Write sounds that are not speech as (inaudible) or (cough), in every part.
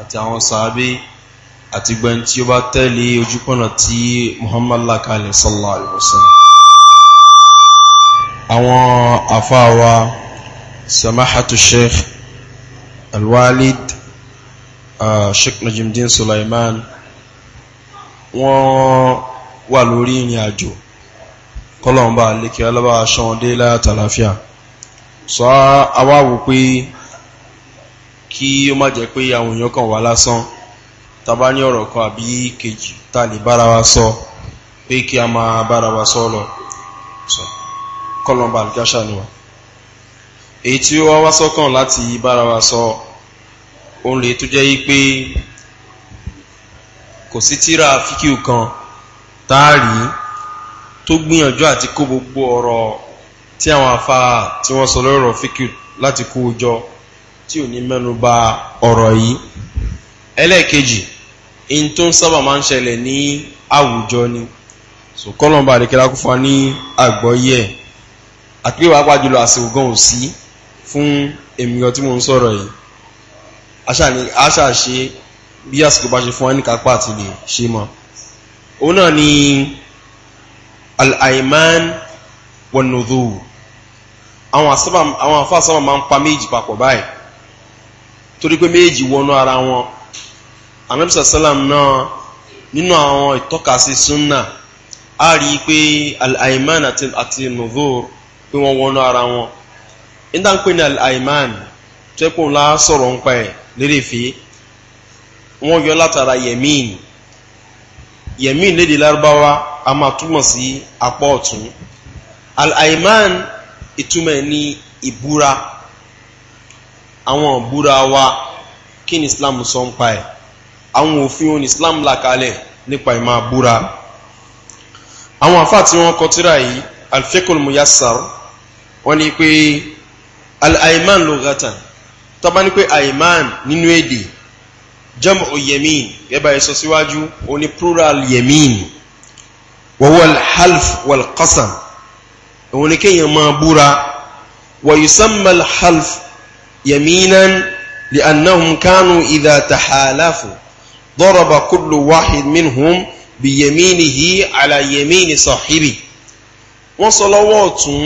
àti àwọn sàábé àti gbẹ̀n tí ó bá tẹ̀lé ojúpọ̀nà tí Muhammad lakalẹ̀ sallallahu alaihi wasallam àwọn àfáàwà samahatu sheikh alwalid sheikh najimdin sulaiman wọ́n wà lórí ìrìn àjò kọlọ̀mbà lékẹ́ alábáṣọ́ dé sọ awáwò pé kí ó má jẹ́ pé àwọn èèyàn kan wà lásán tàbá ní ọ̀rọ̀ kan àbí kejì tá lè bára wa sọ pé kí a máa bára wa sọ lọ kọlọmbà alkasha ni wa èyí tí ó wá wá sọ́kàn láti bára wa sọ òun lè tó jẹ́ yí pé kò sí tíra fíkíù kan táàrí tó gbìyànjú àti kó gbogbo ọ̀rọ̀ tí àwọn afá tí wọ́n sọ lọ́rọ̀ fíkíù láti kó jọ tí ò ní mẹ́nuba ọ̀rọ̀ yìí ẹlẹ́ẹ̀kejì in tó ń sábà máa ń ṣẹlẹ̀ ní àwùjọ ni so kọ́lọ̀mbà àdékẹ́lá kó wa ní àgbọ́yé ẹ̀ àpé wàá pàjù lọ àsìkò gan ò sí fún èmìyàn tí mo ń sọ̀rọ̀ yìí àṣà ṣe bí àsìkò bá ṣe fún wa àti lè ṣe mọ́ òun náà ni al-aiman wan-nudhur àwọn àfáà sábà máa ń pa méjì papọ̀ báyìí torí pé méjì wọnú ara wọn anabisa salam náà nínú àwọn ìtọ́kasí sunna a rí i pé al-aiman àti àti nuzur pé wọ́n wọnú ara wọn nígbà ń pè ní al-aiman tẹ́kùn la sọ̀rọ̀ ń pa ẹ̀ lédè fi wọ́n yọ látara yemin yemin lédè lárúbáwá a máa túmọ̀ sí apá ọ̀tún al-aiman ìtumọ̀ ìbúra àwọn ìbúra wa kí ni islam sọ ń pa ẹ̀ àwọn òfin òní islam là kalẹ̀ nípa ìmá búra àwọn àfáà tí wọ́n kọ tíra yìí alfikul muyassar wọ́n ní pé al-aiman lugatan tó bá ní pé aiman nínú èdè jam'u yemin gẹ́bà ẹ̀sọ síwájú o ní plural yemin wa wal half wal qasam òun ni kéèyàn máa búra wa half يمينا لأنهم كانوا إذا تحالفوا ضرب كل واحد منهم بيمينه على يمين صاحبه wọ́n sọ lọ́wọ́ ọ̀tún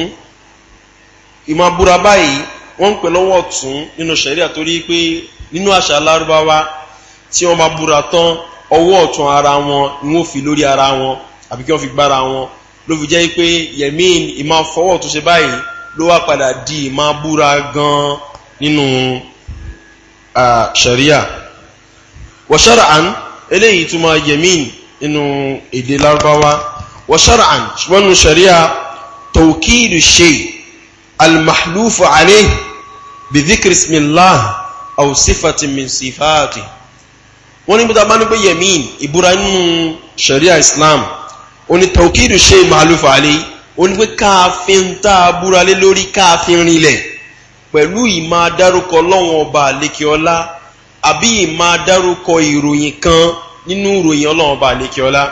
ìmọ̀ búra báyìí wọ́n ń pè lọ́wọ́ ọ̀tún nínú sẹ̀ríà torí pé nínú àṣà lárúbáwá tí wọ́n máa búra tán ọwọ́ ọ̀tún ara wọn ni wọ́n fi lórí ara wọn àbí kí wọ́n fi gbára wọn ló fi jẹ́ pé yẹ̀mí ìmọ̀ fọwọ́ ọ̀tún ṣe báyìí ló wá padà di ìmọ̀ búra gan-an nínú sharia wa shar'an eléyìí túmọ̀ yamin nínú èdè lárúbáwá wa shar'an ṣùgbọ́n nínú sharia tawkidu shay almahlufu alayhi bi dhikri ismillah aw sifatin min sifati wọ́n ní bíta bá ní pé yamin ìbúra nínú sharia islam oní tawkidu shay ma'luf alayhi oní pé káàfin tá a búra lé lórí káàfin rinlẹ̀ pẹ̀lú ìmọ̀ adárúkọ ọlọ́run ọba àlékè ọlá àbí ìmọ̀ adárúkọ ìròyìn kan nínú ìròyìn ọlọ́run ọba àlékè ọlá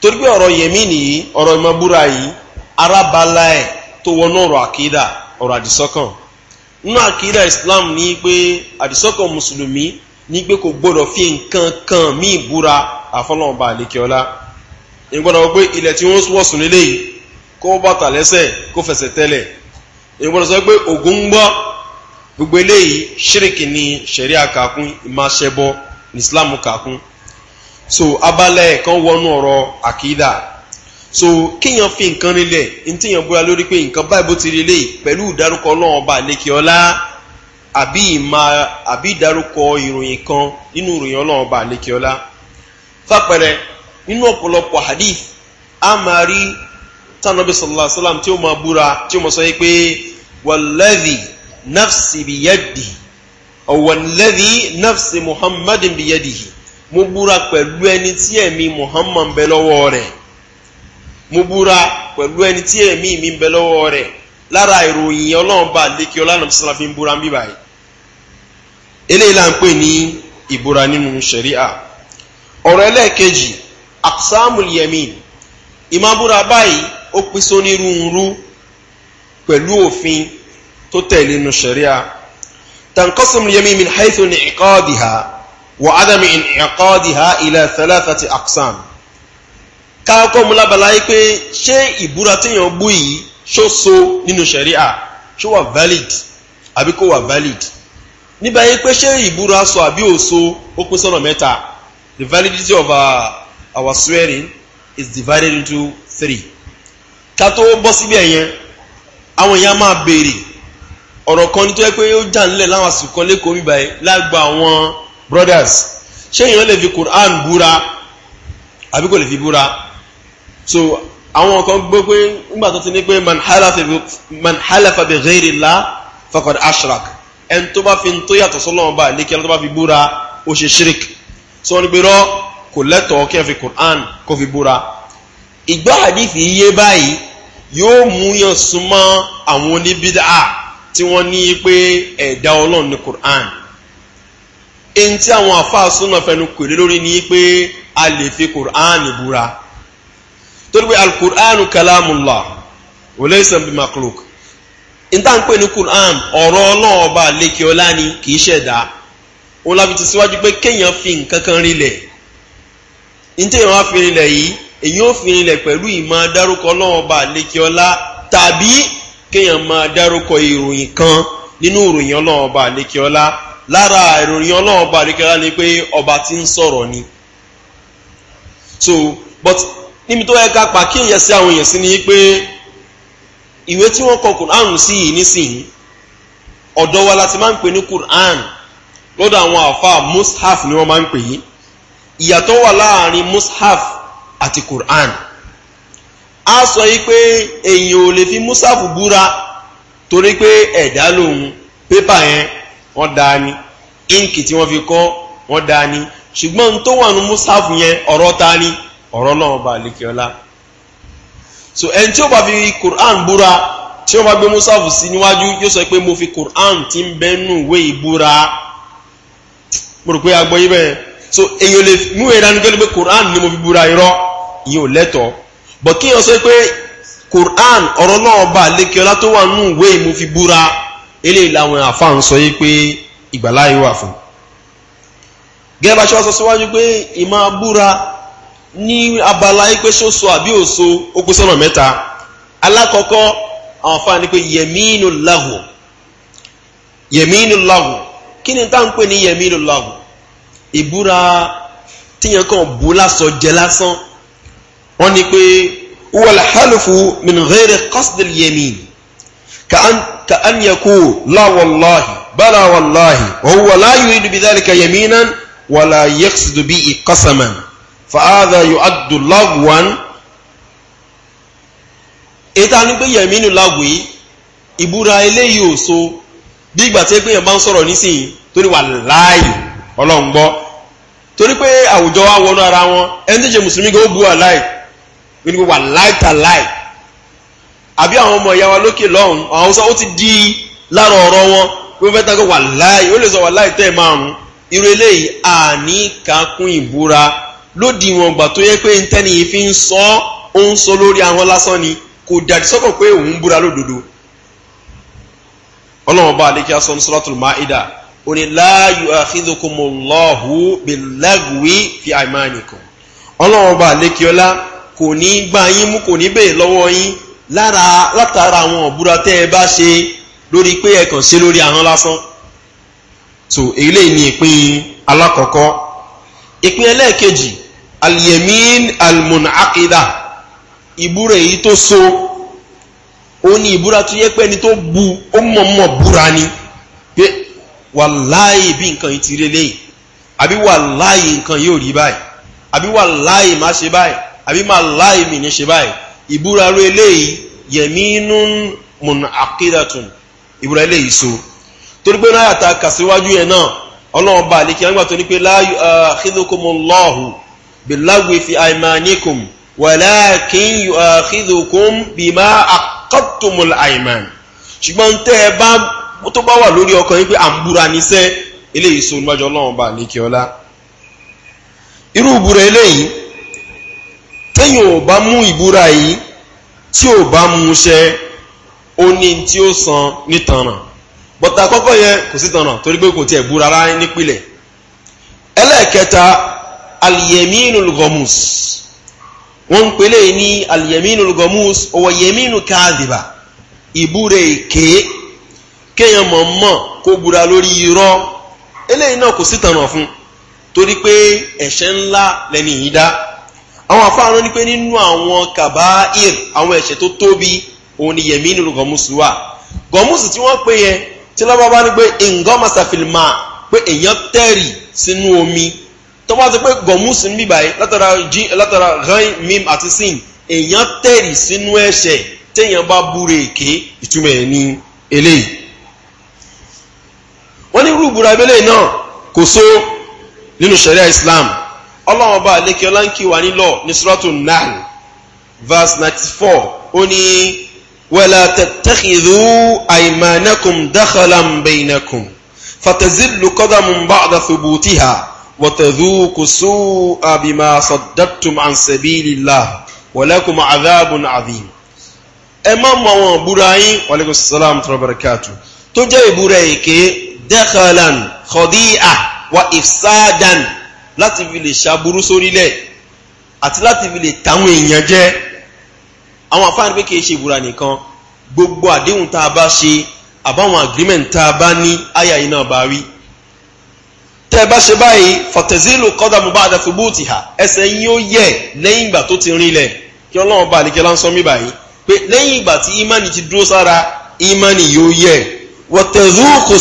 torí pé ọ̀rọ̀ yẹ̀mí nìyí ọ̀rọ̀ ìmọ̀búra yìí arábàlá ẹ̀ tó wọnú ọ̀rọ̀ àkídà ọ̀rọ̀ àdìsọ́kàn nínú àkídà Islam ní pé àdìsọ́kàn mùsùlùmí ní pé kò gbọ́dọ̀ fi nǹkan kan míì búra àfọlọ́ọ̀ba àlékè ọlá ìgbọ́dọ̀ wọ pé ilẹ̀ tí wọ́n wọ̀sùn lélẹ́yìí kó bàtà ìgbọ́dọ̀ sọ pé ògùn ń gbọ́ gbogbo eléyìí ṣíríkì ni ṣẹ̀ríà kàkún ìmáṣẹ́bọ ní islam kàkún so abalẹ̀ kan wọnú ọ̀rọ̀ àkídà so kéèyàn fi nǹkan nílẹ̀ ntíyàn bóra lórí pé nǹkan báyìí bó ti rí léyìí pẹ̀lú ìdárúkọ ọlọ́run ọba àlékè ọlá àbí ìmá àbí ìdárúkọ ìròyìn kan nínú ìròyìn ọlọ́run ọba àlékè ọlá fàpẹrẹ nínú ọ̀pọ̀lọpọ̀ hadith a máa rí tánàbí sọlá sọlám tí ó máa búra tí ó máa sọ yìí pé wàlẹ́dì nafsi bìyẹ́dì ọ̀wọ̀lẹ́dì nafsi muhammadin bìyẹ́dì mo búra pẹ̀lú ẹni tí ẹ̀mí muhammad bẹ lọ́wọ́ rẹ̀ mo búra pẹ̀lú ẹni tí ẹ̀mí mi bẹ lọ́wọ́ rẹ̀ lára ìròyìn ọlọ́run bá lékè ọlọ́run sọlá fi ń búra ń bíbáyìí eléyìí là ń pè ní ìbúra nínú sẹ̀ríà ọ̀rọ̀ ẹlẹ́ẹ̀kejì aksamul yamin ìmàbúra báyìí ó pín sónírúurú pẹ̀lú òfin tó tẹ̀lé nu ṣẹ̀ríà tanqasum yamin min haythu ni iqadiha wa adami in iqadiha ila thalathati aqsam káàkọ́ mu lábala yìí pé ṣé ìbúra téèyàn bú yìí ṣó so nínú ṣẹ̀ríà ṣó wà valid àbí kò wà valid níbà yìí pé ṣé ìbúra sọ àbí òso ó pín sọ́nà mẹ́ta the validity of our, uh, our swearing is divided into three ká tó bọ́ síbẹ̀ yẹn àwọn èèyàn máa béèrè ọ̀rọ̀ kan ní tó yẹ pé ó jà nílẹ̀ láwọn àsìkò kan lẹ́kọ̀ọ́ bíbá yìí lágbo àwọn brothers ṣé èèyàn lè fi quran búra àbí kò lè fi búra so àwọn kan gbọ́ pé nígbà tó ti ní pé man halafa bi ghairi Allah faqad ashrak ẹni tó bá fi ń tó yàtọ̀ sọ́lọ́wọ́n bá lékẹ́ tó bá fi búra ó ṣe shirik so wọ́n kò lẹ́tọ̀ọ́ kí ẹ fi quran kó fi búra ìgbọ́ àdìsí yé báyìí yóò mú yàn súnmọ́ àwọn oníbídà tí wọ́n ní pé ẹ̀dá ọlọ́run ní quran èyí tí àwọn àfáà súnà fẹnu kòlé lórí ní pé a lè fi quran búra torí pé alukur'an kalamula wòlé sàmbi makluk níta ń pè ní quran ọ̀rọ̀ ọlọ́run ọba lẹ́kì ọlá ni kì í ṣẹ̀dá òun láfi ti síwájú pé kéèyàn fi nǹkan kan rinlẹ̀ ní tí èèyàn wá fi rinlẹ̀ yìí èyí ò fi rinlẹ̀ pẹ̀lú ìmọ̀ dárúkọ ọlọ́run ọba àlékè ọlá tàbí kéèyàn máa dárúkọ ìròyìn kan nínú ìròyìn ọlọ́run ọba àlékè ọlá lára ìròyìn ọlọ́run ọba àlékè ọlá ni pé ọba ti ń sọ̀rọ̀ ni so but níbi tó yẹ ká pa kí èèyàn sí àwọn èèyàn sí ni pé ìwé tí wọ́n kọ kùránù sí yìí nísìnyí ọ̀dọ̀ wa láti máa ń pè ní kùránù lọ́dọ̀ àwọn àfa mushaf ni wọ́n máa ń pè yìí ìyàtọ̀ wà láàrin mushaf àti quran a sọ yìí pé èyàn ò lè fi musafu búra torí pé ẹ̀dá lòun pépà yẹn wọ́n dá ní ínkì tí wọ́n fi kọ́ wọ́n dá ní ṣùgbọ́n n tó wà ní musafu yẹn ọ̀rọ̀ ta ni ọ̀rọ̀ náà bá lékè ọlá so ẹni tí ó bá fi quran búra tí wọ́n bá gbé musafu sí níwájú yóò sọ pé mo fi quran ti ń bẹ́nu ìwé ìbúra mo rò pé agbọ́yé bẹ́ẹ̀ so èyàn lè mú ìranigẹ́lẹ́gbẹ́ quran ni mo fi búra irọ́ yìí ò lẹ́tọ̀ọ́ bọ̀ kí wọ́n sọ pé Quran ọ̀rọ̀ náà bá lékè ọlá tó wà nù ìwé ìmú fi búra eléyìí làwọn àfa ń sọ yìí pé ìgbàláyé wà fún un gẹ́gẹ́ bá ṣe wá sọ síwájú pé ìmọ̀ abúra ní abala yìí pé ṣó so àbí òso ó pín sọ́nà mẹ́ta alákọ̀ọ́kọ́ àwọn àfa ni pé yẹmínú lahu yẹmínú lahu kí ni táwọn pè ní yẹmínú lahu ìbúra tíyẹn kan bú lásọ jẹ lásán wọ́n ní pé wọ́n halifu min ghairi qasdil yamin ka an yaku la wallahi bala wallahi wa huwa la yuridu bidhalika yaminan wala yaqsidu bihi qasaman fa hadha yu'addu lagwan ìta ní pé yẹ̀mínú lágùn yìí ìbúra eléyìí ò so bí ìgbà tí èèyàn bá ń sọ̀rọ̀ nísìnyí torí wà láàyè ọlọ́run torí pé àwùjọ wa wọnú ara wọn ẹni tó ṣe mùsùlùmí gan ó bu wà ní gbogbo àláìta láì àbí àwọn ọmọ ìyá wa lókè lọ́hùn àwọn sọ ó ti di lára ọ̀rọ̀ wọn pé wọ́n fẹ́ tán kó wà láì ó lè sọ wà láì tẹ́ márùn-ún irú eléyìí àní kakún ìbúra lódiwọ̀n gbà tó yẹ pé ntẹ́ni yìí fi ń sọ ó ń sọ lórí ahọ́n lásán ni kò dàdí sọ́kàn pé òun ń búra lódodo ọlọ́run bá adékè asọ́nu suratul maida ó ní la yu'akhidhukumullahu bil lagwi fi aymanikum ọlọ́run bá adékè kò ní gbá yín mú kò ní bèè lọ́wọ́ yín lára látara àwọn ọ̀búra tẹ́ ẹ bá ṣe lórí pé ẹ ṣe lórí ahọ́n lásán so eléyìí ni ìpín alákọ̀ọ́kọ́ ìpín ẹlẹ́ẹ̀kejì alyemin almunakida ìbúra èyí tó so ó ní ìbúra tó yẹ pé ẹni tó bu ó mọ̀ọ́mọ̀ búra ni pé wàláyé bí nǹkan yìí ti rí léyìí àbí wàláyé nǹkan yóò rí báyìí àbí wàláyé má ṣe báyìí àbí máa láì mi ní ṣe báyìí ìbúra rú eléyìí yẹmínú mùnà àkídàtún ìbúra eléyìí so torí pé náà yàtà kàṣíwájú yẹn náà ọlọ́run bá àlékí àwọn àtọ́ ní pé láàyò àkídùkùmùlọ́hù bìláwì fi àìmáníkùm wàláàkín yóò àkídùkùm bí máa àkọ́tùmùl àìmán ṣùgbọ́n tẹ́ ẹ bá tó bá wà lórí ọkàn yín pé à ń búra níṣẹ́ eléyìí so níwájú ọlọ́run bá àlékí ọlá irú ìbúra eléyìí téèyàn ò bá mú ìbúra yìí tí ò bá mú ṣẹ ó ní tí ó san nítanràn bọ́tà àkọ́kọ́ yẹn kò sí tanràn torí pé kò tiẹ̀ búra rárá nípìnlẹ̀ ẹlẹ́ẹ̀kẹta aliyaminul gomus wọ́n ń pelé ní aliyaminul gomus ọwọ́ yeminu káàdìbà ìbúra èké kéèyàn mọ̀ kó búra lórí irọ́ eléyìí náà kò sí tanràn fún torí pé ẹ̀ṣẹ̀ ńlá lẹ́ni yìí dá àwọn afáàrán ní pé nínú àwọn kàbáìr àwọn ẹ̀ṣẹ̀ tó tóbi òun ni yẹ̀mí nínú gọ̀mùsù wà gọ̀mùsù tí wọ́n pè yẹn tí lọ́ba bá ní pé nǹkan masàfilmà pé èèyàn tẹ̀rì sínú omi tó bá ti pé gọ̀mùsù ń bíbáyé látara jí látara rán mím àti sin èèyàn tẹ̀rì sínú ẹ̀ṣẹ̀ téèyàn bá búre èké ìtumọ̀ ẹ̀ ní eléyìí wọ́n ní rúbùrà abẹ́lẹ̀ náà kò só nínú sẹ̀ríà islam ọlọ́run ọba àlékè ọláńkì wà nílọ ní sọ́tò nine verse ninety four ó ní wẹ́lá tẹ̀tẹ̀kìdú àìmánẹ́kùn dákàlàm bẹ̀yìnẹ́kùn fàtẹ̀zìlù kọ́dàmù bá àdàfẹ́bù tìhà wọ́tẹ̀dúkù sú àbìmá sọ̀dọ̀tùm ànsẹ̀bìlìlá wọ́lẹ́kùn àdáàbùn àdìm. ẹ má mọ àwọn ìbúra yín wàlẹ́kùn sàlám tó rọ̀bẹ̀rẹ̀kàtù tó jẹ́ ìbúra èké dákàlàm kọ́díà wa ìfsáàdàn láti fi lè ṣàbúrú sórílẹ̀ àti láti fi lè tàwọn èèyàn jẹ́ àwọn àfáàní pé kì í ṣe ìbúra nìkan gbogbo àdéhùn tá a bá ṣe àbáwọn agreement tá a bá ní àyà yìí náà bá rí tẹ́ ẹ bá ṣe báyìí fọ̀tẹ̀sílù kọ́dàmù bá àdàfẹ́ bóòtì hà ẹsẹ̀ yín ó yẹ̀ lẹ́yìn ìgbà tó ti rinlẹ̀ kí ọlọ́run bá àlejò láǹsọ́ mi báyìí pé lẹ́yìn ìgbà tí imani ti dúró sára imani yóò yẹ̀ wọ̀tẹ̀zú kò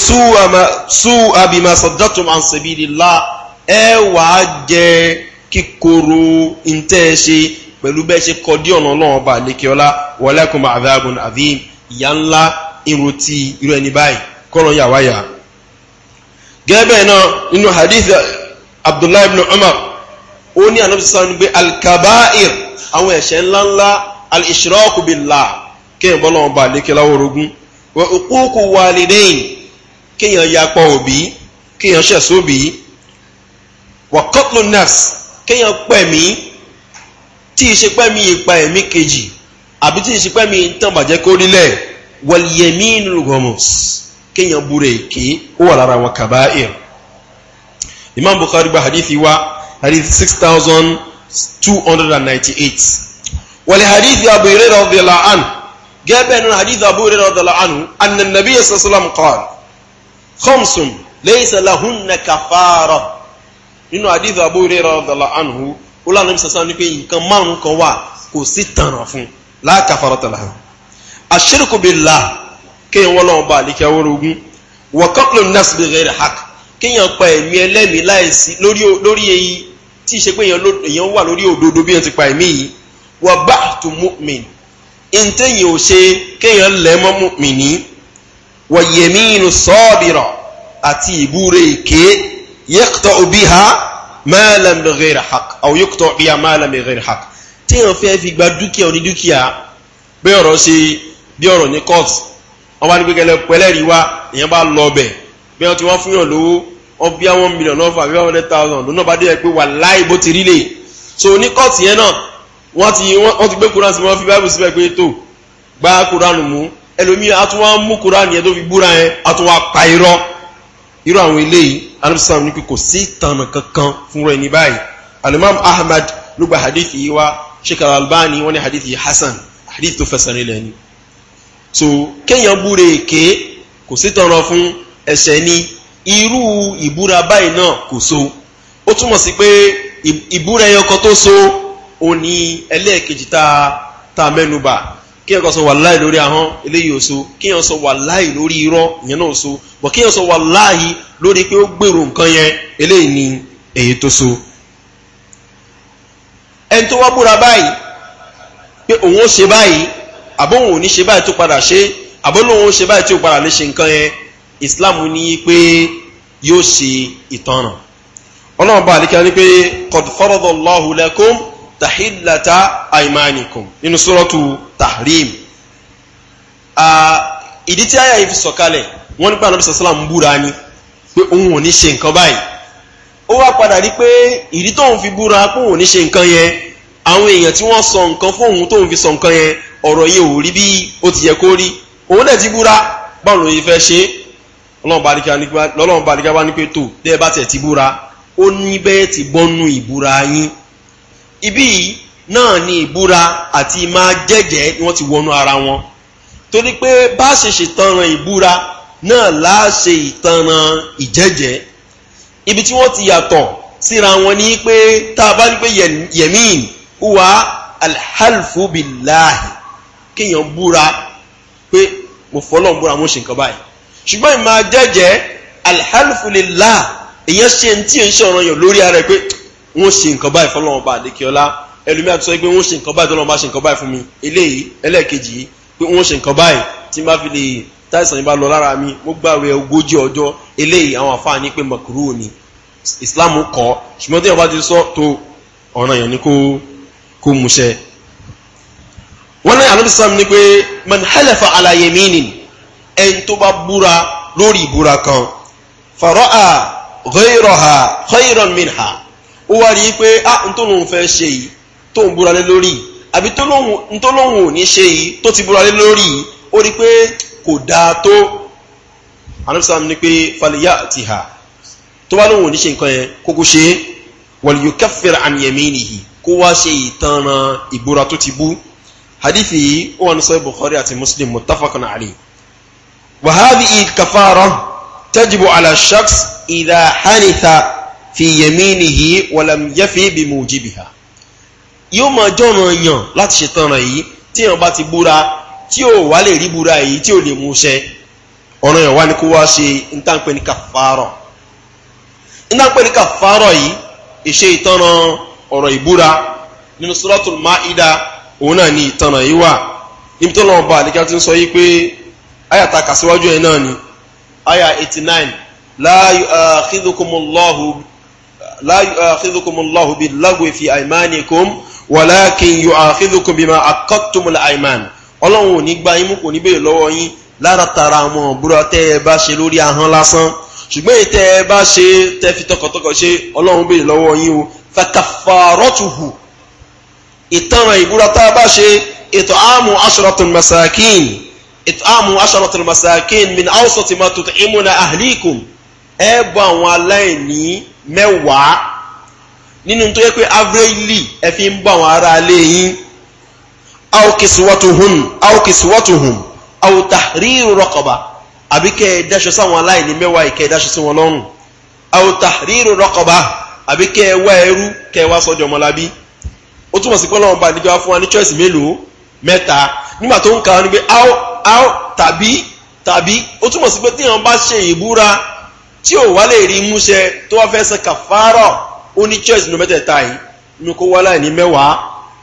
sú àbìmọ̀ sọ̀dọ̀tùm àǹsẹ̀bìlì láà ẹ wàá jẹ kíkorò ntẹ́ pẹ̀lú bẹ́ẹ̀ ṣe kọ́ ọlọ́run ọba àlékeọlá walakum adhabun adhim ìyá ńlá irun ti irú ẹni báyìí kọ́rọ̀ yà wáyà. gẹ́gẹ́ náà nínú hadith abdullahi ibn umar ó ní ànábì sọ́sọ́ ní alkabair àwọn ńláńlá al kéèyàn bọ́ lọ́wọ́ ọba orogún kéèyàn òbí kéèyàn ṣẹ̀ sóbìí wà kọ́tlù nurse kéèyàn pẹ̀mí tí ì ṣe pẹ̀mí ìpa ẹ̀mí kejì àbí tí ì ṣe pẹ̀mí ìtànbàjẹ́ kórílẹ̀ wọ̀lìyẹ̀mí nùgọ̀mọ̀s kéèyàn búrẹ̀ èké ó wà lára wọn kàbá ẹ̀ imam bukhari gba hadithi wa hadith six thousand two hundred and ninety-eight wọ̀lì hadithi abu irera ọ̀dẹ̀lá gẹ́gẹ́ nínú hadith abu irera ọ̀dẹ̀lá ànú anna nabiyyi sallallahu alayhi khamsun laysa lahunna kafara nínú àdìsí Abu Hurairah radhiyallahu anhu ó lànà bí sàṣà ni pé nǹkan márùn kan wà kò sí tànà fún la kafarata lahu ashirku billah kéèyàn wọ́n lọ́wọ́ bá àlíkẹ́ awórogún wa qatlu an-nas bi ghairi haqq kéèyàn pa ẹ̀mí ẹlẹ́mìí láìsí lórí èyí tí ìṣe pé èèyàn wà lórí òdodo bí wọ́n ti pa ẹ̀mí yìí wa ba'tu mu'min ntẹ̀yìn ò ṣe kéèyàn lẹ́mọ́ mu'mini wa yaminu sabira àti ìbúre èké yaqta'u biha ma lam bi ghayri haqq aw yaqta'u biha ma lam bi ghayri haqq tí wọ́n fẹ́ fi gba dúkìá oní dúkìá bí ọ̀rọ̀ ṣe bí ọ̀rọ̀ ní court wọ́n bá ní pé kẹlẹ́ pẹ́lẹ́ rí wá èèyàn bá lọ bẹ̀ bí wọ́n ti wá fún yàn lówó wọ́n bí àwọn mílíọ̀n náà fà bí wọ́n hundred thousand lónà bá dé pé irú àwọn eléyìí anabisa ní pé kò sí ìtànà kankan fún rẹ̀ báyìí alimam ahmad ló gba hadith yìí wá sheikh al-albani wọ́n ní hadith yìí hasan hadith tó fẹsẹ̀ rinlẹ̀ ni so kéèyàn búre èké kò sí ìtànà fún ẹ̀ṣẹ̀ ni irú ìbúra báyìí náà kò so ó túmọ̀ sí pé ìbúra ẹyọkan tó so òní ẹlẹ́ẹ̀kejì tá a mẹ́nuba kí ẹ̀kọ́ sọ wàláì lórí ahọ́n eléyìí oṣù kí ẹ̀ sọ wàláì lórí irọ́ ìyẹn náà oṣù bọ̀ kí ẹ̀ sọ wàláì lórí pé ó gbèrò nǹkan yẹn eléyìí ni èyí tó so. ẹni tó wá búra báyìí pé òun ó ṣe báyìí àbó òun ò ní ṣe báyìí tó padà ṣe àbó lòun ó ṣe báyìí tí ó padà lè ṣe nǹkan yẹn Islam ní pé yóò ṣe ìtanràn ọlọ́run bá àdékẹ́ ni pé qad faradallahu lakum tahillata aimanikum nínú sọ́rọ́tù tahrim ìdí tí àyà yìí fi sọ̀kalẹ̀ wọ́n nípa ànábì sàṣálà ń búra ni pé òun ò ní ṣe nǹkan báyìí ó wá padà rí pé ìdí tóun fi búra pé òun ò ní ṣe nǹkan yẹn àwọn èèyàn tí wọ́n sọ nǹkan fóun tóun fi sọ nǹkan yẹn ọ̀rọ̀ yìí ò rí bí ó ti yẹ kó rí òun dẹ̀ ti búra báwo ló yẹ fẹ́ ṣe lọ́lọ́run bá ní pé tó tẹ́ bá tẹ̀ ti búra ó ní bẹ́ẹ̀ ti bọ́nú ìbúra yín ibi yìí náà ni ìbúra àti máa jẹ́jẹ́ ni wọ́n ti wọnú ara wọn torí pé bá ṣe ṣètanràn ìbúra náà láṣe ìtanràn ìjẹ́jẹ́ ibi tí wọ́n ti yàtọ̀ síra wọn ni pé tá a bá ní pé yẹ̀mín wà alhalfubilahi kéèyàn búra pé mo fọlọ́n búra mo ṣe nǹkan báyìí ṣùgbọ́n ìmáa jẹ́jẹ́ alhalfulilah èèyàn ṣe ní tí èèyàn ṣe ọ̀ràn yàn lórí ara ẹ pé wọ́n ṣe nǹkan báyìí fọlọ́wọ́n bá àdékẹ́ọ́lá ẹlòmí àti sọ pé wọ́n ṣe nǹkan báyìí tọ́lọ́wọ́n bá ṣe nǹkan báyìí fún mi eléyìí ẹlẹ́ẹ̀kejì yìí pé wọ́n ṣe nǹkan báyìí tí n bá fi lè táìsàn yìí bá lọ lára mi mo gbàwé ogójì ọjọ́ eléyìí àwọn àfáà ní pé mọ̀kúrú ni Islam kọ́ ṣùgbọ́n tí ìyàwó ti sọ tó ọ̀ràn yẹn ni kó múṣẹ. wọ́n ní àlọ́ sàm ni pé man halafa ala yaminin ẹni tó bá búra lórí ìbúra kan fara'a ghayraha khayran minha ó wá rí i pé ah ntòlóhùn fẹ́ ṣe yìí tóun búra lé lórí àbí ntòlóhùn ò ní ṣe yìí tó ti búra lé lórí yìí ó rí i pé kò dáa tó anúbísàm ní pé fàlìyà ti hà tó bá lóhùn ò ní ṣe nǹkan yẹn kókó ṣe wàlíyò kẹfìrì àníyàmí nìyí kó wá ṣe ìtanràn ìbúra tó ti bú hadithi yìí ó wà ní sọ bukhari àti muslim mutafakun ali wàhálì ìkàfàrọ tẹjibù alashaks ìdá fi yaminihi walam yafi bi mujibiha yóò máa jọ̀ràn yàn láti ṣètànràn yìí tí èèyàn bá ti búra tí ò wá lè rí búra yìí tí ò lè mú ṣẹ ọ̀ràn yàn wá ní kó wá ṣe ntànpẹ́ ní kàfàárọ̀ ntànpẹ́ ní kàfàárọ̀ yìí ìṣe ìtànràn ọ̀rọ̀ ìbúra nínú suratul ma'ida òun náà ni ìtànràn yìí wà níbi tó lọ́wọ́ bá àdékà ti ń sọ yìí pé àyà ta kà síwájú náà ni àyà eighty nine la yu'akhidhukumullahu لا يؤاخذكم الله باللغو في أيمانكم ولكن يؤاخذكم بما عقدتم الأيمان ọlọ́run ò ní gba yín mú kò ní bèèrè lọ́wọ́ yín lára tara àwọn ọ̀búra tẹ́ ẹ bá ṣe lórí ahọ́n lásán ṣùgbọ́n èyí tẹ́ ẹ bá ṣe tẹ́ fi tọkàntọkà ṣe ọlọ́run bèèrè mẹ́wàá nínú tó yẹ pé averagely ẹ fi ń bọ́ àwọn ará alé yín aokisiwatuhun aokisiwatuhun awutahriru rọkọba àbí kẹ́ ẹ dáṣọ sáwọn aláìní mẹ́wàá ìkẹ́ dáṣọ sí wọn lọ́rùn awutahriru rọkọba àbí kẹ́ ẹ wá ẹrú kẹ́ ẹ wá sọ́jọ́ ọmọlábí ó túmọ̀ sí pọ́nlọ́wọ́n bá níjọba fún wa ní choice mélòó mẹ́ta nígbà tó tí ò wá lè rí múṣẹ tó wá fẹ́ san kàfárọ̀ ó ní choice nínú mẹ́tẹ̀ẹ̀ta yìí inú kó wá láì ní mẹ́wàá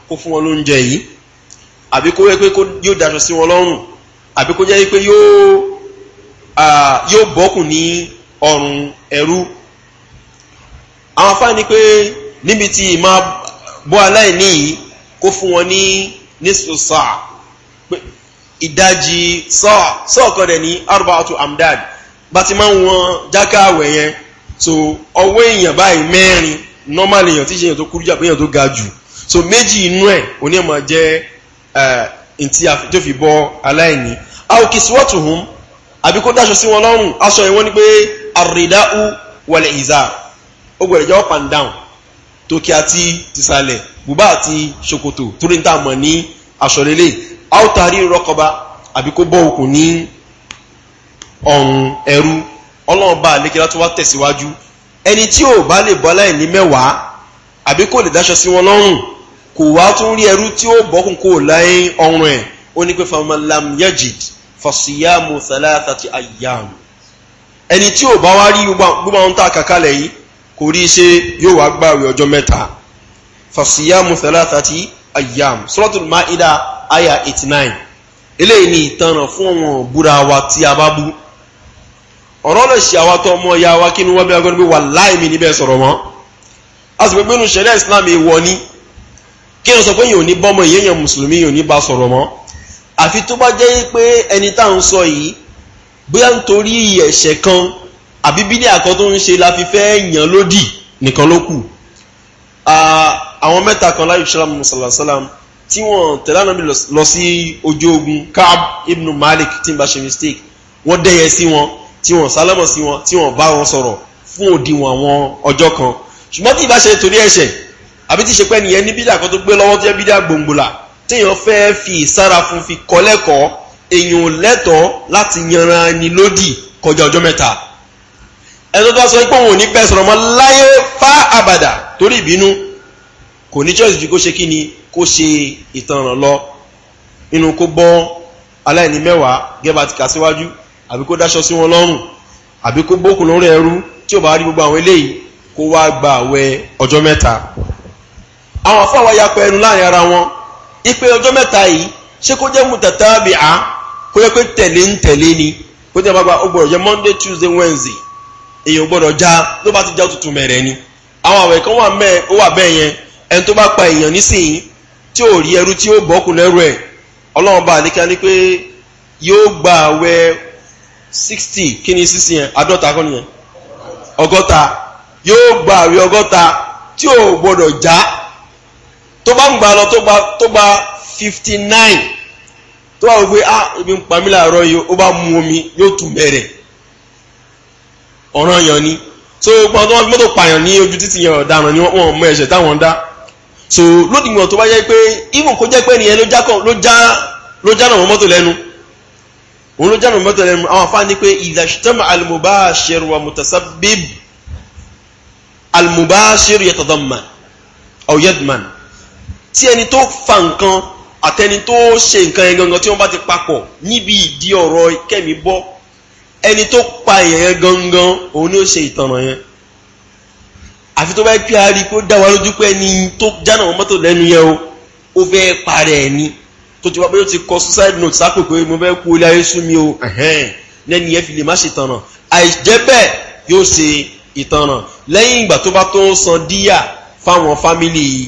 kó fún wọn lóúnjẹ yìí àbí kó yẹ pé yóò daṣọ sí wọn lọ́rùn àbí kó jẹ́ pé yóò bọ́kùn ní ọrùn ẹrú àwọn afáà ni pé níbi tí ìmọ̀ bọ́ aláìní yìí kó fún wọn ní nísò ìdajì sọ́ọ̀ dẹ̀ ní arbaatu amdad bá ti máa ń wọn jáká àwẹ̀ yẹn so ọwọ́ èèyàn báyìí mẹ́rin normal èèyàn tí ṣe èèyàn tó kúrú jàpé èèyàn tó ga jù so méjì inú ẹ̀ òní ẹ̀ máa jẹ́ ntí tó fi bọ́ aláìní aoki siwọ́tù hùn àbí kó dáṣọ sí wọn lọ́rùn aṣọ yẹn wọ́n ní pé àrídáú wọlé ìzà ó gbọ́dọ̀ jẹ́ up and down tókè àti tìsàlẹ̀ bùbá àti ṣòkòtò torí ní tá a mọ̀ ní aṣọ lélẹ̀ àwòtàrí rọ́kọba àbí kó bọ́ okùn ní ọ̀hún ẹrú ọlọ́run bá àlékelá tó wá tẹ̀síwájú ẹni tí ò bá lè bọ́ aláìní mẹ́wàá àbí kò lè dáṣọ sí wọn lọ́rùn kò wá tún rí ẹrú tí ó bọ́kùn kò láyé ọrùn ẹ̀ ó ní pé famalam yajid fasiyamu thalathati ayyam ẹni tí ò bá wá rí gbogbo àwọn tá a kà kalẹ̀ yìí kò rí iṣẹ́ yóò wá gbààwẹ̀ ọjọ́ mẹ́ta fasiyamu thalathati ayyam suratul maida aya 89 eléyìí ni ìtanràn fún àwọn òbúra wa tí a bá bú ọ̀rọ̀ náà ṣe àwọn àtọ́ ọmọ ìyá wa kí ni wọ́n bẹ́ẹ̀ ọgọ́ni wà láì mi níbẹ̀ sọ̀rọ̀ mọ́ a sì pé pé nùsẹ̀rẹ̀ islam èèwọ̀ ni kí wọ́n sọ pé yòó ní bọ́mọ ìyẹn mùsùlùmí yòó ní bá sọ̀rọ̀ mọ́ àfi tó bá jẹ́ pé ẹni tá à ń sọ yìí bóyá nítorí ẹ̀ṣẹ̀ kan àbí bídí àkan tó ń ṣe la fi fẹ́ yàn lódì nìkan ló kù àwọn mẹ́ta kan láyé ìṣẹ́lá wọ́n tẹ̀lé malik tí n bá ṣe sí wọn tí wọ́n sálámọ̀ sí wọn tí wọ́n bá wọn sọ̀rọ̀ fún òdiwọ̀n àwọn ọjọ́ kan ṣùgbọ́n tí ìbáṣe torí ẹ̀ṣẹ̀ àbí tí ìṣepẹ́ nìyẹn ní bídà kan tó gbé lọ́wọ́ tó yẹ bídà gbòǹgbòlà téèyàn fẹ́ fi ìsára fún fi kọ́ lẹ́kọ̀ọ́ èèyàn lẹ́tọ̀ọ́ láti yanra ẹni lódì kọjá ọjọ́ mẹ́ta ẹni tó bá sọ pé òun ò ní pẹ́ sọ̀rọ̀ mọ́ láyé fá àbàdà torí ìbínú kò ní choice ju kó ṣe kí ni kó ṣe ìtanràn lọ inú kó bọ́ aláìní mẹ́wàá gẹ́bà ti kà síwájú àbí kó dáṣọ sí wọn lọ́rùn àbí kó bókù lórí ẹrú tí ò bá rí gbogbo àwọn eléyìí kó wá gba àwẹ̀ ọjọ́ mẹ́ta àwọn afọwọ́ yapọ̀ ẹnu láàrin ara wọn ipe ọjọ́ mẹ́ta yìí ṣé kó jẹ́ mutatabi'a kó yẹ pé tẹ̀lé ń tẹ̀lé ni kó jẹ́ bàbá ó gbọ́dọ̀ jẹ́ Monday Tuesday Wednesday èèyàn gbọ́dọ̀ já ló bá ti já tutù mẹ̀rẹ̀ ni àwọn àwẹ̀ kan wà mẹ́ ó wà bẹ́ẹ̀ yẹn ẹni tó bá pa èèyàn nísìnyí tí ò rí ẹrú tí ó bọ́kùn lẹ́rù ẹ̀ ọlọ́run bá àníkà ni pé yóò gba àwẹ̀ sixty kí ni sísìn yẹn àádọ́ta kọ́ nìyẹn ọgọ́ta yóò gba àwẹ̀ ọgọ́ta tí ò gbọ́dọ̀ já tó bá ń gbà lọ tó gba fifty nine tó bá wọ pé ah ebi ń pa mí láàárọ̀ yìí ó bá mu omi yóò tún bẹ̀rẹ̀ ọ̀ràn yàn ni so gbọ́n tó wọ́n fi mọ́tò pààyàn ní ojú títì yẹn ọ̀daràn ni wọ́n mọ ẹ̀ṣẹ̀ táwọn ń dá so lódìgbọ̀n tó bá jẹ́ pé even kó jẹ́ pé ẹnìyẹn ló já ló já mọ́tò lẹ́nu òun ló jábọ̀ mọ́tò lẹ́nu àwọn afá ni pé ìdàṣítọ́mọ̀ almubashir wa mutasabib almubashir yatadamman aw yadman tí ẹni tó fa nǹkan àtẹni tó ṣe nǹkan yẹn gangan tí wọ́n bá ti papọ̀ níbi ìdí ọ̀rọ̀ kẹ́mi bọ́ ẹni tó pa yẹn gangan òun ni ó ṣe ìtànà yẹn àfi tó bá pí ari kó dá wa lójú pé ẹni tó jáná mọ́tò lẹ́nu yẹn o ó fẹ́ parẹ́ ẹni tó ti wá pé ó ti kọ suicide note sápò pé mo fẹ́ kú ilé ayé sú mi o lẹ́ni yẹn fi lè má ṣe tànà àìjẹ́ bẹ́ẹ̀ yóò ṣe ìtànà lẹ́yìn ìgbà tó bá tó ń san díyà fáwọn fámìlì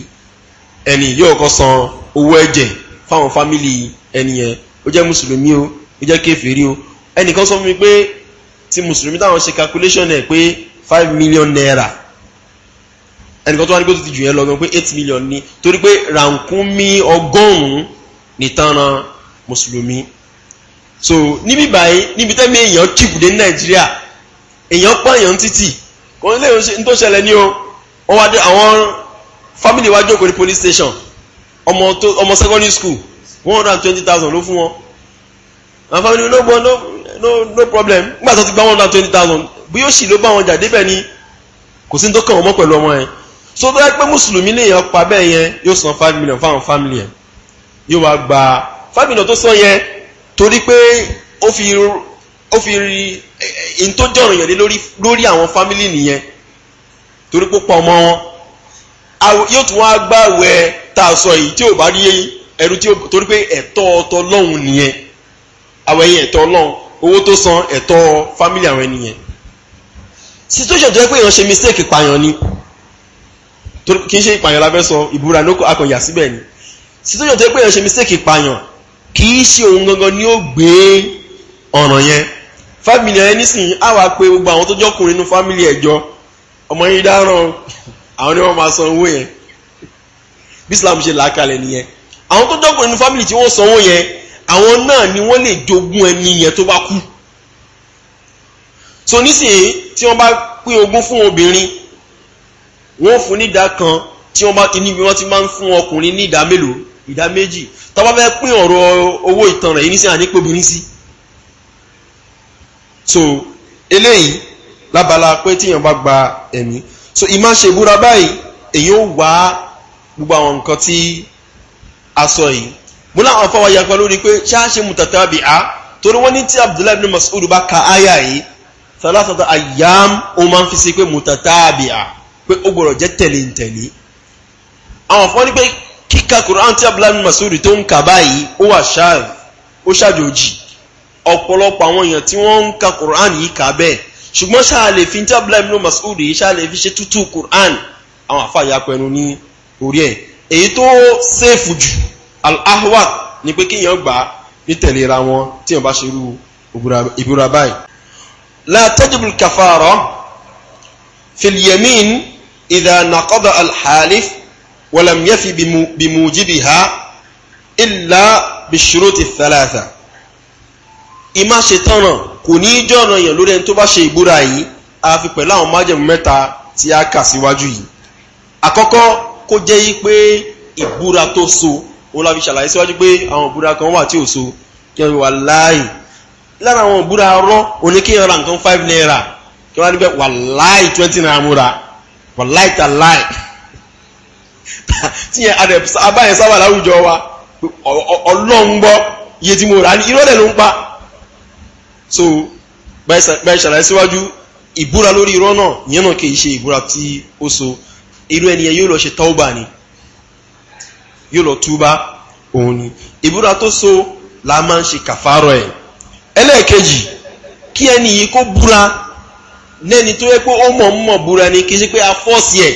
ẹni yóò kọ́ san owó ẹ̀jẹ̀ fáwọn fámìlì ẹni yẹn ó jẹ́ mùsùlùmí o ó jẹ́ kèfèrí o ẹnìkan sọ fún mi pé ti mùsùlùmí táwọn ṣe calculation ẹ̀ pé five million naira ẹnìkan tó wá ní pé tó ti jù yẹn lọ gan pé eight million ni torí pé ràǹkúnmí ọgọ́rùn-ún nìtanràn mùsùlùmí so níbí báyìí níbi tẹ́mi èèyàn kìbùdé ní nàìjíríà èèyàn pààyàn títì kò ní léyìn tó ṣẹlẹ̀ ní o wọ́n wá dé àwọn family wa jókòó ní police station ọmọ tó ọmọ secondary school one hundred and twenty thousand ló fún wọn àwọn family no gbọ́ no no no problem nígbà tó ti gba one hundred and twenty thousand bí yóò sì ló bá wọn jà débẹ̀ ni kò sí ní tó kàn wọ́n mọ́ pẹ̀lú ọmọ yẹn so tó yẹ pé mùsùlùmí lè yàn pa bẹ́ẹ̀ yẹn yóò san five million fáwọn family yẹn yóò wá gba five million tó san yẹn torí pé ó fi ó fi rí in tó jọ̀rọ̀ yàn lé lórí lórí àwọn family nìyẹn torí pé ó pa ọmọ wọn yóò tún wá gbàwẹ̀ tá a sọ yìí tí ò bá rí ẹrú tí ó torí pé ẹ̀tọ́ ọtọ lọ́hùn nìyẹn àwọn ẹ̀yìn ẹ̀tọ́ ọlọ́hùn owó tó san ẹ̀tọ́ family àwọn ènìyàn situation tó yẹ pé èèyàn ṣe mistake ìpààyàn ni kì í ṣe ìpààyàn la fẹ́ sọ ìbúra ní akọ̀yà síbẹ̀ ni situation tó yẹ pé èèyàn ṣe mistake pààyàn kì í ṣe òun gangan ni ó gbé ọ̀ràn yẹn fámìlì ẹ nísìnyí àwa pé gbogbo àwọn tó jọkùnrin nínú fámìlì ẹjọ ọmọ yín dáràn àwọn ni wọn máa san owó yẹn bí Islam ṣe là á kalẹ̀ nìyẹn àwọn tó jọkùnrin nínú fámìlì tí wọ́n san owó yẹn àwọn náà ni wọ́n lè jogún ẹni yẹn tó bá kú so nísìnyí tí wọ́n bá pín ogún fún obìnrin wọ́n fún ní kan tí wọ́n bá ti níbi wọ́n ti máa ń fún ọkùnrin ní ìdá mélòó ìdá méjì tọ́ba fẹ́ pín ọ̀rọ̀ owó ìtanràn yìí nísìnyí àní sí. so eléyìí lábala pé tíyàn bá gba ẹ̀mí so ìmá ṣe ìbúra báyìí èyí ó wá gbogbo àwọn nǹkan tí a sọ yìí mo láwọn afọwọ́ yapa lórí pé ṣáàṣe mùtàtà bí a torí wọ́n ní tí abdullahi ibn mas'ud bá ka aya yìí salasata ayam o máa ń fi sí pé mùtàtà bí a pé ó gbọ́dọ̀ jẹ́ tẹ̀léǹtẹ̀lé àwọn afọwọ́ ní pé kíka quran tí abdullahi masoud tó ń kà báyìí ó wà ṣáàrù ó ṣàjòjì ọ̀pọ̀lọpọ̀ àwọn èèyàn tí wọ́n ń ka quran yìí kà bẹ́ẹ̀ ṣùgbọ́n ṣáàlè fi tí abdullahi masoud yìí ṣáàlè fi ṣe tútù quran àwọn àfàyà pẹ̀lú ní orí ẹ̀ èyí tó sèfù jù al-ahwa ni pé kéèyàn gbà á wọn tí wọ́n bá ṣe irú ìbúra báyìí. látọ́júbù kàfàrọ̀ fìlìyẹ̀mín ìdánakọ́dọ̀ alhàlif ولم يفي بموجبها إلا بالشروط الثلاثة ìmá ṣe tọ́nà kò ní í jọ̀nà yẹn lórí ẹni tó bá ṣe ìbúra yìí àfi pẹ̀lú àwọn májẹ̀mú mẹ́ta tí a kà síwájú yìí àkọ́kọ́ kó jẹ́ yí pé ìbúra tó so òun láfi ṣàlàyé síwájú pé àwọn ìbúra kan wà tí ò so kí wọ́n wà láàyè lára àwọn ìbúra rọ́ òní kí wọ́n ra nǹkan five naira kí wọ́n á níbẹ̀ wà láàyè twenty naira múra wà láì tà láì tí abáyẹn sábà láwùjọ wa ọlọ́run gbọ́ iye tí mo rà ní irọ́lẹ̀ ló ń pa so báyìí ṣàlàyé síwájú ìbúra lórí irọ́ náà yẹn náà kìí ṣe ìbúra tí ó so irú ẹni yóò lọ ṣe tọ́ọ̀bà ni yóò lọ túbá òun ni ìbúra tó so la máa ń ṣe kàfàrọ̀ ẹ̀ ẹlẹ́ẹ̀kejì kí ẹni yìí kó búra lẹ́ni tó yẹ pé ó mọ̀ mọ̀ búra ni kì í ṣe pé a fọ́ọ̀sì ẹ̀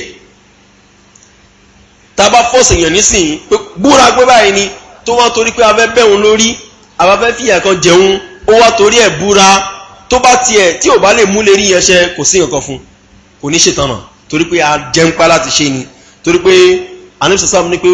tá a bá fọ́ọ̀sì èèyàn nísìnyí pé búra pé báyìí ni tó wá torí pé afẹ́ bẹ́hùn lórí afẹ́ fìyà kan jẹun ó wá torí ẹ̀ búra tó bá tiẹ̀ tí ò bá lè mú lérí yẹn ṣe kò sí nǹkan fún kò ní ṣètànà torí pé a jẹun pa láti ṣe ni torí pé anamsasam ní pé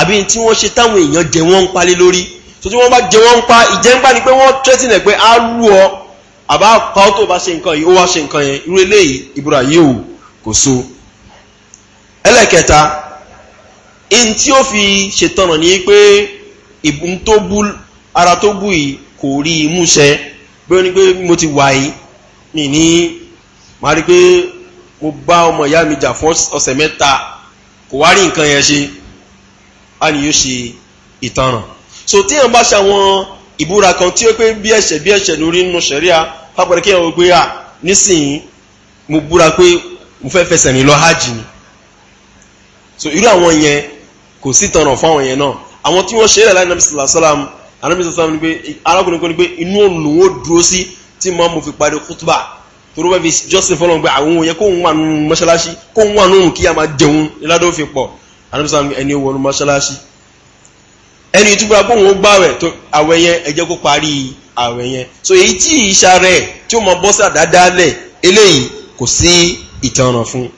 àbí tí wọ́n ṣe táwọn èèyàn jẹ wọ́n ń pa lé lórí tó tí wọ́n bá jẹ wọ́n ń pa ìjẹ́ńpá ni pé wọ́n tẹ́tìnẹ̀ pé á lù ọ́ àbá pa ọ́ tó bá ṣe nǹkan yìí ó wá ṣe nǹkan yẹn irú eléyìí ìbúra yìí ò kò so. ẹlẹ́kẹta in tí ó fi ṣètọ̀nà ni pé ìbùn tó bú ara tó bú yìí kò rí i múṣẹ bí wọ́n ní pé mo ti wà yìí mi ní màá rí pé mo bá ọmọ ìyá mi jà fún ọ̀sẹ̀ mẹ́ta kò wá rí nǹkan yẹn ṣe a ní yóò ṣe ìtanràn so tí èèyàn bá ṣe àwọn ìbúra kan tí ó pé bí ẹ̀ṣẹ̀ bí ẹ̀ṣẹ̀ lórí nínú ṣẹ̀ríà pápẹ́rẹ́ kí èèyàn wò pé à nísìnyí mo búra pé mo fẹ́ fẹsẹ̀ rìn lọ hajj ni so irú àwọn yẹn kò sí ìtanràn fún àwọn yẹn náà àwọn tí wọ́n ṣe rẹ̀ láì nàbí sàlá sàlám ànábì sàlám ni pé arákùnrin kan ni pé inú olùwọ́ dúró sí tí màá mo fi parí kútùbà torí wọ́n fi jọ́sìn fọlọ́n pé àwọn òun yẹ kóun wà nínú mọ́ṣáláṣí kóun wà nínú kí a máa jẹun ládòfin pọ̀ anamisa ẹni wọnú mọ́ṣáláṣí ẹni ìtúgbà pé òun gbà rẹ̀ tó àwẹ̀ yẹn ẹjẹ́ kó parí so èyí tí ìṣà rẹ̀ tí ó mọ bọ́sà dáadáa lẹ̀ eléyìí kò sí ìtanràn fún un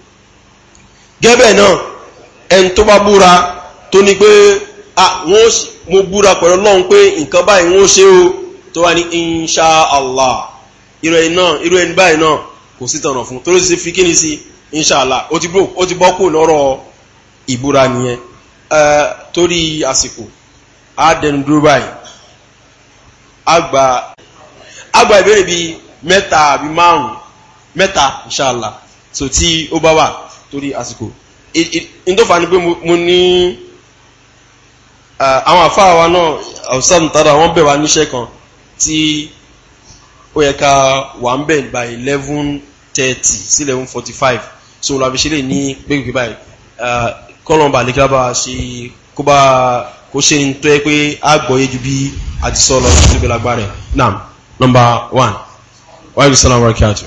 gẹ́bẹ̀ náà ẹni tó bá búra tó ní pé mo búra pẹ̀lú ọlọ́run pé nǹkan báyìí wọ́n ṣe o tó wá ní insha allah irú ẹni náà irú ẹni báyìí náà kò sí ìtanràn fún torí sí fi kí ni sí insha allah ó ti bọ́ kù lọ́rọ̀ ìbúra nìyẹn torí àsìkò á dẹnu dúró báyìí á gba á gba ìbéèrè bíi mẹ́ta àbí márùn-ún mẹ́ta inshallah so tí ó bá wà torí àsìkò ìdófà ni pé mo ní àwọn àfáà wa náà ọ̀sán tàdà wọ́n bẹ̀ wá níṣẹ́ kan tí ó yẹ ká wà ń bẹ̀ by eleven thirty sí eleven forty five so la fi ṣe lè ní pé pé báyìí kọ́lọ̀mbà lè kílábà ṣe kó bá kó ṣe ń tọ́ ẹ pé a gbọ́yé ju bí a ti sọ lọ sí ibi lágbára ẹ̀ nọmba one wàá ibi sàlámù rẹ̀ kíáàtù.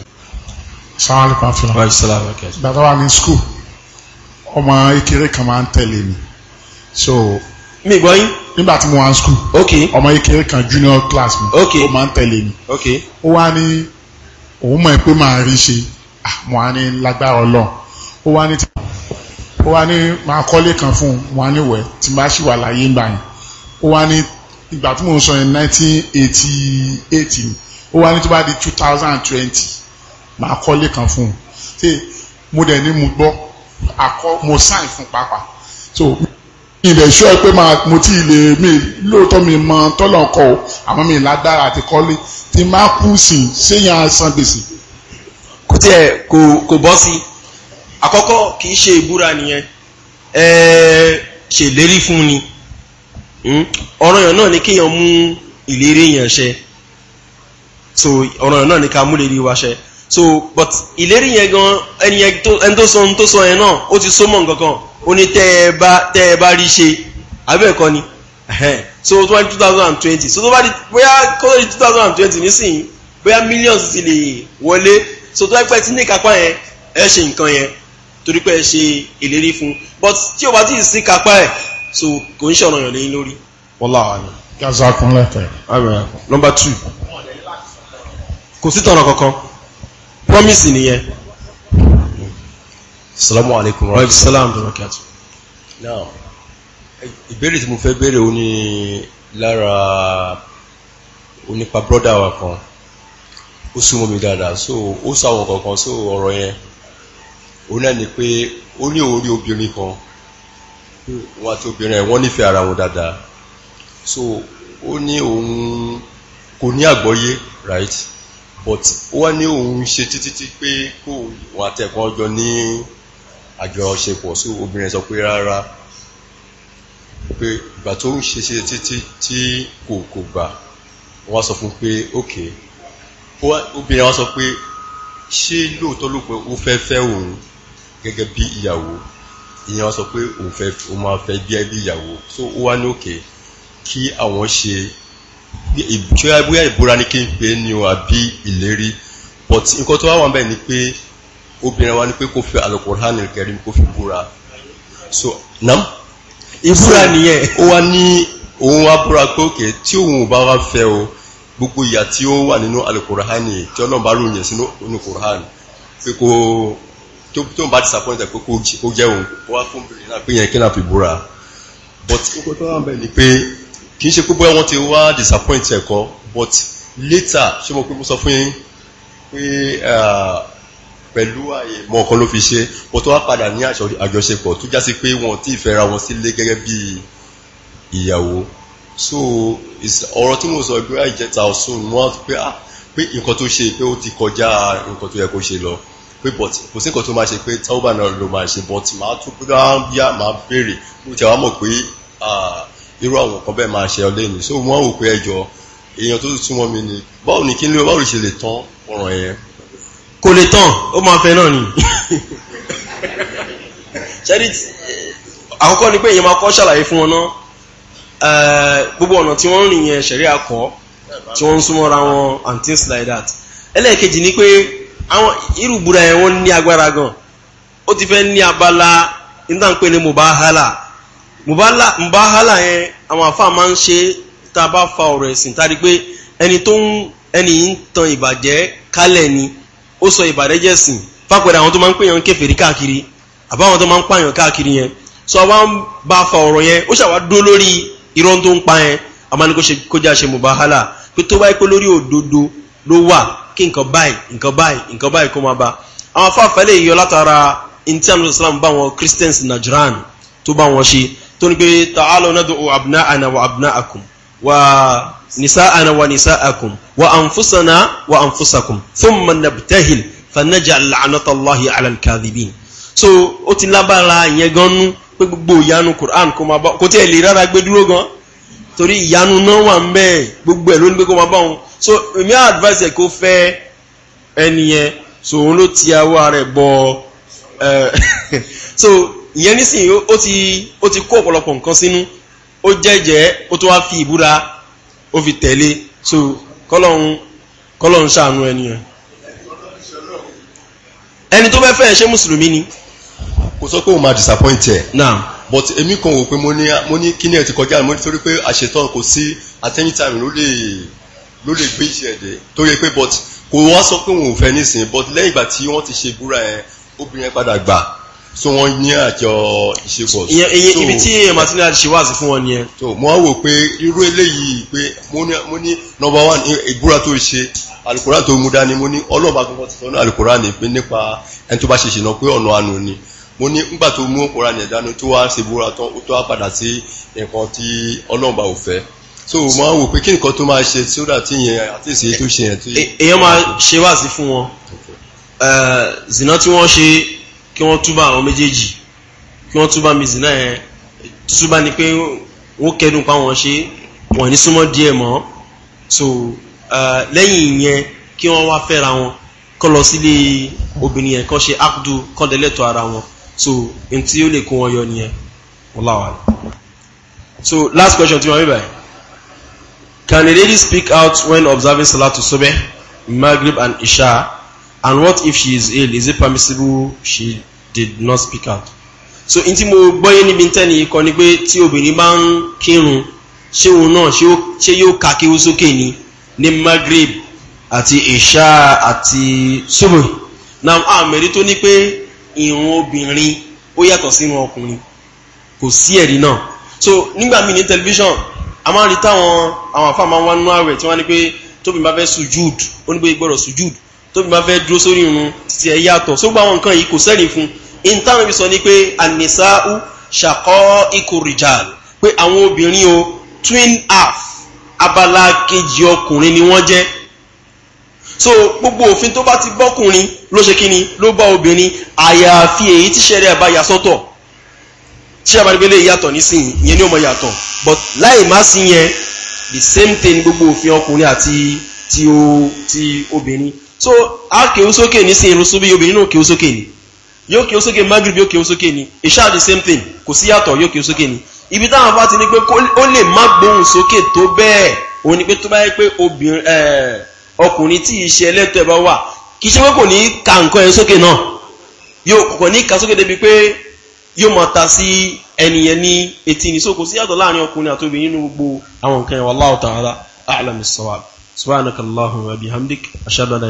sàlámù rẹ̀ kíáàtù. wàá ibi sàlámù rẹ̀ kíáàtù. bàbá wa ní skul ọmọ ekere kan máa ń tẹ̀lé mi so. mi gbọ́ yín. nígbà tí mo wà ní skul. ok ọmọ ekere kan junior class mi. ok ó máa ń tẹ̀lé mi. ok ó wá ní òun mọ̀ pé màá rí ṣe àwọn ah, àní lágbára ọlọ́run ó wá ní tí ó wá ní máa kọ́lé kan fún un wà níwẹ̀ tí bá ṣì wà láyé ń báyìí ó wá ní ìgbà tí mò ń sọ yẹn 1988 ó wá ní tó bá di 2020 máa kọ́lé kan fún un ṣe mo dẹ̀ ní mo gbọ́ àkọ́ mo sign fún pápá so ilẹ̀ ṣọ́ ẹ pé mo tí ilé mi lóòótọ́ mi mọ tọ́lọ̀ kọ o àmọ́ mi lágbára àti kọ́lé tí máa kú sí séyàn san gbèsè. kò tiẹ̀ kò bọ́ sí i àkọ́kọ́ kìí ṣe ìbúra nìyẹn ẹ̀ẹ́ ṣèlérí fún ni hmm? ọ̀rọ̀ yàn náà ni kéèyàn mú ìlérí yàn ṣẹ so ọ̀rọ̀ yàn náà ni ká mú ìlérí wa ṣẹ so but ìlérí yẹn gan ẹni ẹni tó sọ tó sọ yẹn náà ó ti so mọ́ ó ní tẹ́ ẹ bá rí ṣe abẹ́ẹ̀kọ́ ni so tó twenty so tó bá di bóyá kó tó di two thousand and twenty nísìnyí bóyá millions ti lè wọlé so tó bá pẹ́ tí ní ìkápá yẹn ẹ ṣe nǹkan yẹn torí pé ẹ ṣe ìlérí fún but tí o bá ti sí kápá ẹ̀ so kò ń ṣọ̀rọ̀ yàn lẹ́yìn lórí. wọ́lá àná gaza kun lẹ́tẹ̀ abẹ́rẹ́ kan number two kò sí tọ̀nà kankan promise nìyẹn. salamu alaykum wa rahmatulahi wa barakatuh. now ìbéèrè tí mo fẹ́ béèrè ó ní lára onípa brọ́dà wa kan ó súnmọ́ mi dáadáa so ó sáwọn kankan so ọ̀rọ̀ yẹn òun náà ni pé ó ní òun rí kan wọn àti obìnrin ẹ̀ wọ́n ara wọn dáadáa so ó ní òun kò ní àgbọ́yé right but wọ́n ní òun ṣe títí pé kó òun àtẹ̀kọ́ ọjọ́ ní àjọṣepọ̀ sí obìnrin sọ pé rárá pé ìgbà tó ń ṣe ṣe títí tí kò kò gbà wọ́n sọ fún pé ok obìnrin wọ́n sọ pé ṣé lóòótọ́ ló pé ó fẹ́ fẹ́ òun gẹ́gẹ́ bí ìyàwó ìyẹn sọ pé òun fẹ́ òun máa fẹ́ bí ẹbí ìyàwó so ó wá ní òkè kí àwọn ṣe ṣọ́yà bóyá ìbúra ní kí n pè é ní o àbí ìlérí but nǹkan tó wá wà bẹ́ẹ̀ ni pé obìnrin wa ni pé kó fi alukur'an kẹrin kó fi búra so nam ìbúra nìyẹn ó wá ní òun wá búra pé òkè tí òun ò bá wá fẹ́ o gbogbo ìyà tí ó wà nínú alukur'an tí ọlọ́run bá ròyìn sínú alukur'an pé kó tó ń bá disappoint ẹ̀ pé kó jẹ́ òun kó wá fún obìnrin náà pé yẹn kí náà fi búra but kókó tó wà ń bẹ̀ ni pé kì í ṣe pé wọ́n ti wá disappoint ẹ̀ but later ṣé mo pé mo sọ fún yín pé pẹ̀lú àyè mọ ọ̀kan ló fi ṣe wọ́n tó wá padà ní àjọṣepọ̀ tó já sí pé wọn ò tí wọn sílé gẹ́gẹ́ bí ìyàwó so ọ̀rọ̀ tí mo sọ ìgbéra ìjẹta ọ̀sùn ni wọ́n á pé nǹkan tó ṣe pé ó ti kọjá nǹkan tó yẹ kó ṣe lọ pé but kò sí nǹkan tó máa ṣe pé tọ́wọ́bà náà ló máa ṣe but máa tún bíyà máa béèrè mo tẹ̀ wá mọ̀ pé irú àwọn nǹkan bẹ́ẹ̀ máa ṣe ọlẹ́ mi so mo wò pé ẹjọ́ èèyàn tó túmọ̀ mi ni báwo ni kí ni báwo ṣe lè tán ọ̀ràn yẹn. kò lè tán ó máa fẹ́ náà ni. (laughs) ṣẹ́rí àkọ́kọ́ ni pé èèyàn máa kọ́ ṣàlàyé fún wọn náà gbogbo ọ̀nà tí wọ́n ń rìn yẹn ṣẹ̀rí àkọ́ tí wọ́n ń súnmọ́ra wọn and things like that ẹlẹ́ẹ̀kejì ni pé irubu irúgbùrà yẹn wọ́n ní agbára gan ó ti fẹ́ ní abala ịda ń pè ní mubahala mubahala yẹn àwọn afọ máa ń ṣe ta a fa ọrọ pé ẹni tó ń ẹni yìí ń tan ni ó sọ sìn àwọn tó máa ń káàkiri tó máa ń pààyàn káàkiri yẹn sọ wá ń bá fa ọ̀rọ̀ yẹn ó ṣàwá dó lórí irọ́ tó ń pa yẹn àmọ́ ni pé tó bá yẹ lórí òdodo ló wà kí nǹkan báyìí nǹkan báyìí nǹkan báyìí kó máa bá àwọn afáfẹ́ lè yọ látara intanet islam bá wọn christians najran tó bá wọn ṣe tó ní pé ta'alu nad'u abna'ana wa abna'akum wa nisa'ana wa nisa'akum wa anfusana wa anfusakum thumma nabtahil fanaj'al la'natallahi 'ala al so ó ti lábára yẹn gan nú pé gbogbo ìyanu Qur'an kó máa bá kó tí ẹ lè rárá gbé dúró gan torí ìyanu náà wà ń bẹ́ẹ̀ gbogbo ẹ̀ ló ní pé kó máa bá òun so èmi advice ẹ̀ kó fẹ́ ẹni so òun ló ti awọ́ rẹ̀ bọ (laughs) so ìyẹn nísìnyí ó ti ó ti kó ọ̀pọ̀lọpọ̀ nǹkan sínú ó jẹ́jẹ́ ó tó wá fi ìbúra ó fi tẹ̀lé so kọ́lọ́hún kọ́lọ́hún ṣàánú ẹni yẹn ẹni tó fẹ́ fẹ́ ṣé mùsùlùmí ni kò sọ pé òun máa disappoint ẹ̀. náà but èmi kan wò pé mo ní mo ní kíní ẹ̀ ti kọjá mo nítorí pé àṣetán kò sí at time ló lè ló lè gbé iṣẹ́ ẹ̀dẹ̀ tó yẹ pé but kò wá sọ pé òun ò fẹ́ nísìn but lẹ́yìn ìgbà tí wọ́n ti ṣe búra yẹn obìnrin padà gbà so wọ́n ní àjọ ìṣepọ̀. ìyẹn ibi tí martin ali ṣe wáàsí fún wọn nìyẹn. tó mo á wò pé irú eléyìí pé mo ní number one ìbúra tó ṣe alukóra tó mú dání mo ní ọlọ́ọ̀bá gbọ́dọ̀ ti sọ ní alukóra ní nípa ẹni tó bá ṣe ṣìnà pé ọ̀nà àánú ni mo ní nígbà tó mú Kùránì ẹ̀dánú tó wá ṣe búra tán ó tó wá padà sí nǹkan tí ọlọ́ọ̀bà ò fẹ́ so mo máa ń wò pé kí nǹkan tó máa ṣe tí ó dà tí ìyẹn àti ìṣe tó ṣe yẹn tó yẹ. E-, èèyàn máa ṣe wá sí fún wọn zina tí wọ́n ṣe kí wọ́n túbà àwọn méjèèjì kí wọ́n túbà mi zina yẹn túbà ni pé wọ́n kẹ́dùn pa wọ́n ṣe wọ́n ní súnmọ́ díẹ̀ mọ́ so lẹ́yìn ìyẹn kí wọ́n wá fẹ́ra wọn kọ́ lọ sílé obìnrin yẹn kọ́ ṣe ákùdù kọ́ ara wọn so n tí ó lè kó wọn yọ nìyẹn ọláwà so last question tí wọ́n rí can a lady speak out when observing salatu sobe maghrib and isha and what if she is ill is it permissible she did not speak out so n tí mo gbọ́yé níbi tẹ́ni kọ́ ni pé tí obìnrin bá ń kírun ṣé òun náà ṣé yóò ka kí ó sókè ni ní maghrib àti isha àti sobe now àmẹ́rí tó ní pé ìrun obìnrin ó yàtọ̀ sí ìrun ọkùnrin kò sí ẹ̀rí náà so nígbà míì ní tẹlifíṣàn a máa ń rí táwọn àwọn àfáà máa ń wá nínú ààrẹ tí wọ́n ní pé tóbi bá fẹ́ sujúd ó ní pé gbọ́dọ̀ sujúd tóbi bá fẹ́ dúró sórí irun ti ẹ̀ yàtọ̀ so gbogbo àwọn nǹkan yìí kò sẹ́rí fún in táwọn ibi sọ ni pé ànisau ṣàkọ́ ikùrìjàl pé àwọn obìnrin o twin half abala kejì ọkùnrin ni wọ́n jẹ́ so gbogbo òfin tó bá ti bọ́kùnrin ló ṣe kíni ló bá obìnrin àyàfi èyí tí ṣẹlẹ̀ bá yà sọ́tọ̀ tí a bá rí bẹ́lẹ̀ yàtọ̀ nísìnyí ìyẹn ní ọmọ yàtọ̀ but láì má sí yẹn the same thing gbogbo òfin ọkùnrin àti ti o ti obìnrin so a kéwú sókè nísìnyí irun sóbí obìnrin náà kéwú sókè ni yóò kéwú sókè magrib yóò kéwú sókè ni ìṣá the same thing kò sí yàtọ̀ yóò kéwú sókè ni ibi táwọn bá ti ní pé ó lè má gbóhùn sókè tó bẹ́ẹ̀ òun pé tó bá yẹ pé obìnrin ọkùnrin tí iṣẹ́ ẹlẹ́tọ̀ ẹ̀ bá wà kì í ṣe pé kò ní ka nǹkan ẹ̀ sókè náà yóò kò ní ka sókè débi pé yóò máa ta sí ẹnìyẹn ní etí ní sókò sí yàtọ̀ láàrin ọkùnrin àti obìnrin nínú gbogbo àwọn nǹkan ẹ̀ wallahu ta'ala a'lam as-sawab subhanaka allahumma wa bihamdik ashhadu